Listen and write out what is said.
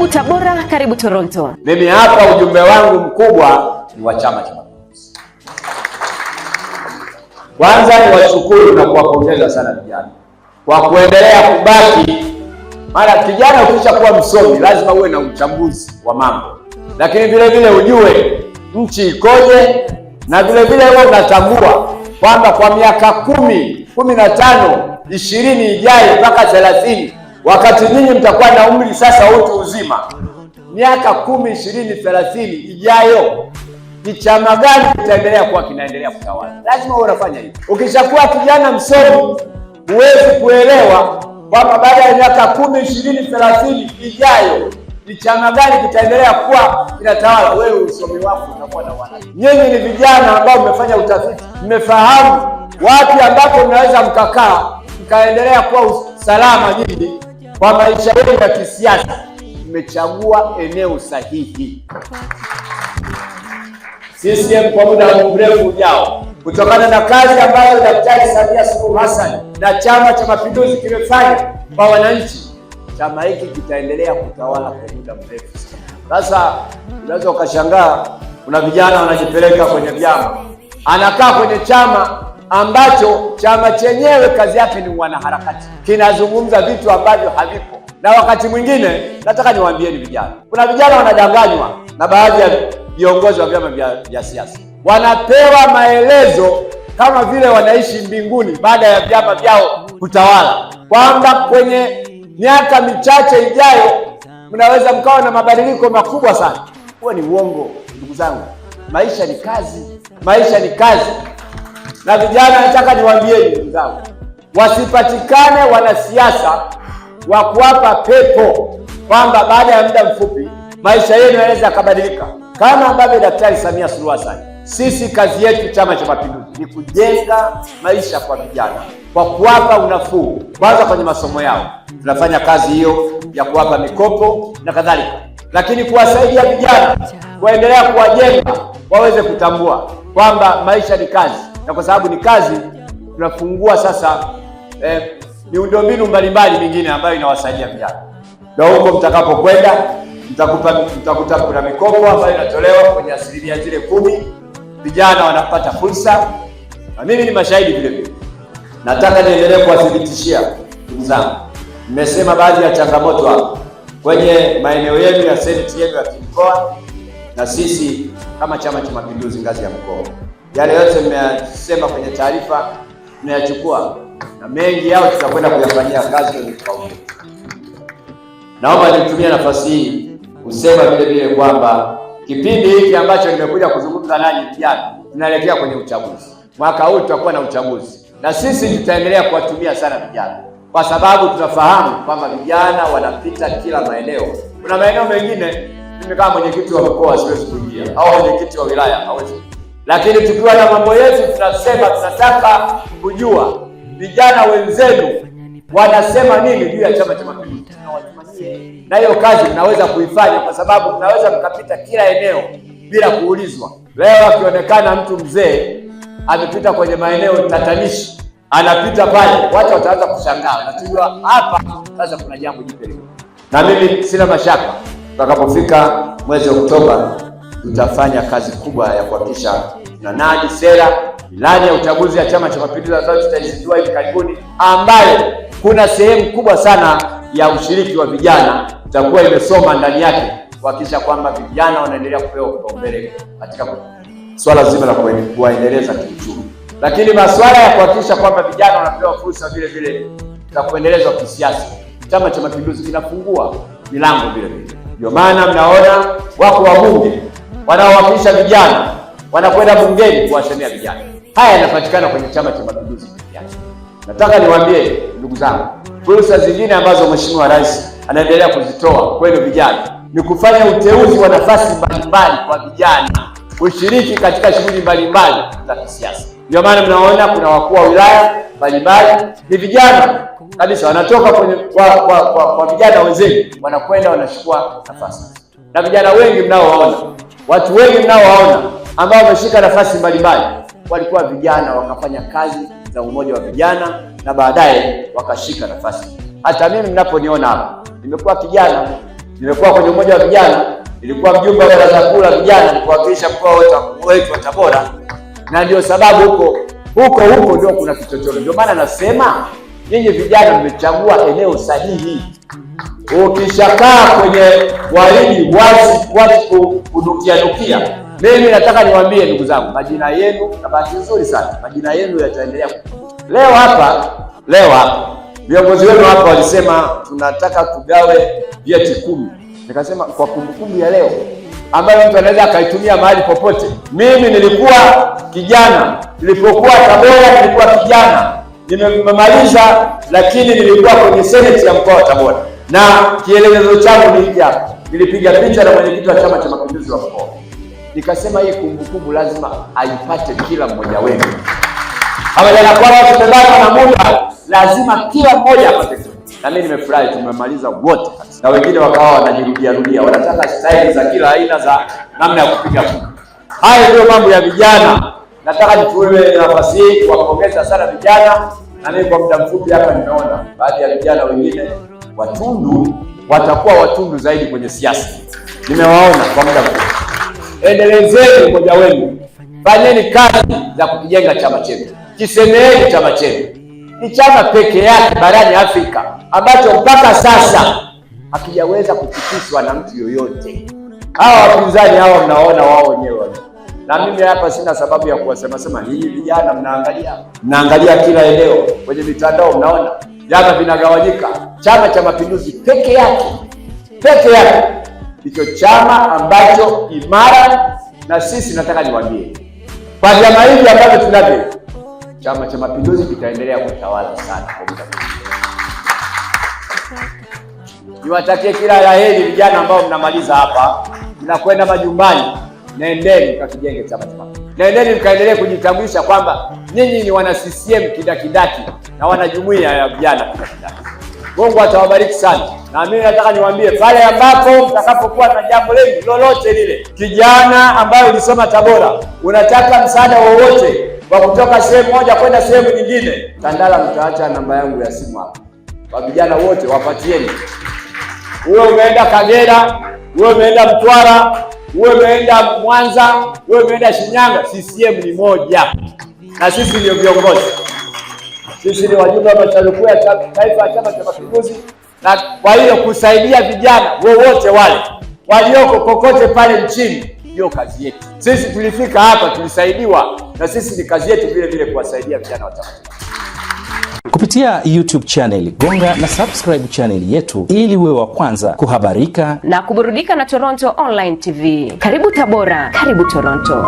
Karibu Tabora, karibu Toronto. Mimi hapa ujumbe wangu mkubwa ni wa Chama cha Mapinduzi. Kwanza ni washukuru na kuwapongeza sana vijana kwa kuendelea kubaki, Mara kijana ukisha kuwa msomi lazima uwe na uchambuzi wa mambo, lakini vile vile ujue nchi ikoje, na vile vile wewe unatambua kwamba kwa miaka kumi, kumi na tano, ishirini ijayo mpaka thelathini Wakati nyinyi mtakuwa na umri sasa utu uzima, miaka kumi, ishirini, thelathini ijayo, ni chama gani kitaendelea kuwa kinaendelea kutawala? Lazima huwe unafanya hivi. Ukishakuwa kijana msomi, huwezi kuelewa kwamba baada ya miaka kumi, ishirini, thelathini ijayo ni chama gani kitaendelea kuwa kinatawala. Wewe usomi wako utakuwa na wana. Nyinyi ni vijana ambao mmefanya utafiti, mmefahamu wapi ambapo mnaweza mkakaa mkaendelea kuwa salama nyinyi kwa maisha yenu ya kisiasa, mmechagua eneo sahihi. CCM kwa muda mrefu ujao, kutokana na kazi ambayo Daktari Samia Suluhu Hassan na Chama cha Mapinduzi kimefanya kwa wananchi, chama hiki kitaendelea kutawala kwa muda mrefu. Sasa unaweza ukashangaa, kuna vijana wanajipeleka kwenye vyama, anakaa kwenye chama ambacho chama chenyewe kazi yake ni wanaharakati, mm. kinazungumza vitu ambavyo havipo. Na wakati mwingine nataka niwaambieni vijana, kuna vijana wanadanganywa na baadhi ya viongozi wa vyama vya siasa, wanapewa maelezo kama vile wanaishi mbinguni baada ya vyama vyao kutawala, kwamba kwenye miaka michache ijayo mnaweza mkawa na mabadiliko makubwa sana. Huo ni uongo, ndugu zangu. Maisha ni kazi, maisha ni kazi na vijana, nataka niwaambie ndugu zangu, wasipatikane wanasiasa wa kuwapa pepo kwamba baada ya muda mfupi maisha yenu yanaweza yakabadilika, kama ambavyo Daktari Samia Suluhu Hassan. Sisi kazi yetu Chama cha Mapinduzi ni kujenga maisha kwa vijana kwa kuwapa unafuu kwanza kwenye masomo yao. Tunafanya kazi hiyo ya kuwapa mikopo na kadhalika, lakini kuwasaidia vijana kuendelea kuwajenga waweze kutambua kwamba maisha ni kazi na kwa sababu ni kazi, tunafungua sasa eh, miundombinu mbalimbali mingine ambayo inawasaidia vijana. Na huko mtakapokwenda mtakuta mtakuta kuna mikopo ambayo inatolewa kwenye asilimia zile kumi, vijana wanapata fursa, na mimi ni mashahidi vile vile. Nataka niendelee kuwathibitishia ndugu zangu, nimesema baadhi ya changamoto hapo kwenye maeneo yenu ya senti yenu ya kimkoa, na sisi kama Chama cha Mapinduzi ngazi ya mkoa yale yote mmeyasema kwenye taarifa, mmeyachukua na mengi yao tutakwenda kuyafanyia kazi kwenye kikao hiki. Naomba nitumie nafasi hii kusema vile vile kwamba kipindi hiki ambacho nimekuja kuzungumza nanyi pia, tunaelekea kwenye uchaguzi. Mwaka huu tutakuwa na uchaguzi, na sisi tutaendelea kuwatumia sana vijana, kwa sababu tunafahamu kwamba vijana wanapita kila maeneo. Kuna maeneo mengine mimi kama mwenyekiti wa mkoa siwezi kuingia, au mwenyekiti wa wilaya hawezi lakini tukiwa na mambo yetu, tunasema tunataka kujua vijana wenzenu wanasema nini juu ya Chama cha Mapinduzi, na hiyo kazi mnaweza kuifanya, kwa sababu mnaweza mkapita kila eneo bila kuulizwa. Leo akionekana mtu mzee amepita kwenye maeneo tatanishi, anapita pale, watu wataanza kushangaa, natajua hapa sasa kuna jambo jipya. Na mimi sina mashaka, tutakapofika mwezi Oktoba tutafanya kazi kubwa ya kuhakikisha utendaji sera, ilani ya uchaguzi ya Chama cha Mapinduzi ambayo tutaizindua hivi karibuni, ambayo kuna sehemu kubwa sana ya ushiriki wa vijana itakuwa imesoma ndani yake kuhakikisha kwamba vijana wanaendelea kupewa kipaumbele katika swala zima la kuwaendeleza kiuchumi, lakini masuala ya kuhakikisha kwamba vijana wanapewa fursa vile vile za kuendelezwa kisiasa. Chama cha Mapinduzi kinafungua milango vile vile, ndio maana mnaona wako wabunge wanaowakilisha vijana wanakwenda bungeni kuwasemea vijana. Haya yanapatikana kwenye Chama cha Mapinduzi peke yake. Nataka niwaambie ndugu zangu, fursa zingine ambazo Mheshimiwa Rais anaendelea kuzitoa kwenu vijana ni kufanya uteuzi wa nafasi mbalimbali kwa vijana kushiriki katika shughuli mbalimbali za kisiasa. Ndio maana mnaona kuna wakuu wa wilaya mbalimbali ni vijana kabisa, wanatoka kwenye kwa, kwa, kwa, kwa vijana wenzenu wanakwenda wanachukua nafasi, na vijana wengi mnaowaona, watu wengi mnaowaona ambao wameshika nafasi mbalimbali, walikuwa vijana wakafanya kazi za umoja wa vijana na baadaye wakashika nafasi. Hata mimi mnaponiona hapa, nimekuwa kijana, nimekuwa kwenye umoja wa vijana, nilikuwa mjumbe wa baraza kuu la vijana, nikuwakilisha mkoa wetu wa Tabora, na ndio sababu huko huko huko ndio kuna kichochoro. Ndio maana nasema nyinyi vijana mmechagua eneo sahihi. Ukishakaa kwenye waridi wazi, watu kudukia dukia mimi nataka niwaambie ndugu zangu, majina yenu, na bahati nzuri sana majina yenu yataendelea. Leo hapa leo hapa viongozi wenu hapa walisema tunataka tugawe vyeti kumi. Nikasema kwa kumbukumbu ya leo ambayo mtu anaweza akaitumia mahali popote. Mimi nilikuwa kijana, nilipokuwa Tabora nilikuwa kijana, nimemaliza lakini nilikuwa kwenye seneti ya mkoa wa Tabora, na kielelezo changu ni hiki hapa. Nilipiga picha na mwenyekiti wa Chama cha Mapinduzi wa mkoa nikasema hii kumbukumbu lazima aipate kila mmoja wenu pamoja na watu tumebana na muda, lazima kila mmoja apate. Na mimi nimefurahi tumemaliza wote, na wengine wakawa wanajirudia rudia, wanataka staili za kila aina za namna ya kupiga kura. Haya ndio mambo ya vijana. Nataka nichukue nafasi hii kuwapongeza sana vijana, na mimi kwa muda mfupi hapa nimeona baadhi ya vijana wengine watundu watakuwa watundu zaidi kwenye siasa, nimewaona kwa muda mfupi endelezeni umoja wenu, fanyeni kazi za kukijenga chama chetu, kisemeeni chama chetu. Ni chama peke yake barani Afrika ambacho mpaka sasa hakijaweza kutikiswa na mtu yoyote. Hawa wapinzani hawa mnaona wao wenyewe, na mimi hapa sina sababu ya sema Hii vijana mnaangalia, mnaangalia kila eneo kwenye mitandao, mnaona vyama vinagawanyika. Chama cha Mapinduzi peke yake, peke yake ndicho chama ambacho imara, na sisi nataka niwaambie, kwa vyama hivi ambavyo tunavyo, Chama cha Mapinduzi kitaendelea kutawala sana kwa muda Niwatakie kila la heri vijana ambao mnamaliza hapa, mnakwenda majumbani, naendeni mkakijenge chama cha Mapinduzi, naendeni mkaendelee kujitambulisha kwamba nyinyi ni wana CCM kidakidaki na wanajumuia ya vijana kidakidaki. Mungu atawabariki sana, na mimi nataka niwaambie pale ambapo mtakapokuwa na jambo lenu lolote lile, kijana ambaye ulisoma Tabora, unataka msaada wowote wa kutoka sehemu moja kwenda sehemu nyingine, Tandala, mtaacha namba yangu ya simu hapa kwa vijana wote, wapatieni. Uwe umeenda Kagera, uwe umeenda Mtwara, uwe umeenda Mwanza, uwe umeenda Shinyanga, CCM ni moja na sisi ndio viongozi. Sisi ni wajumbe wa halmashauri kuu ya taifa ya Chama cha Mapinduzi, na kwa hiyo kusaidia vijana wowote wale walioko kokote pale nchini ndio kazi yetu sisi. Tulifika hapa tulisaidiwa, na sisi ni kazi yetu vile vile kuwasaidia vijana wa chama kupitia YouTube channel. Gonga na subscribe channel yetu ili uwe wa kwanza kuhabarika na kuburudika na Toronto Online TV. Karibu Tabora, karibu Toronto.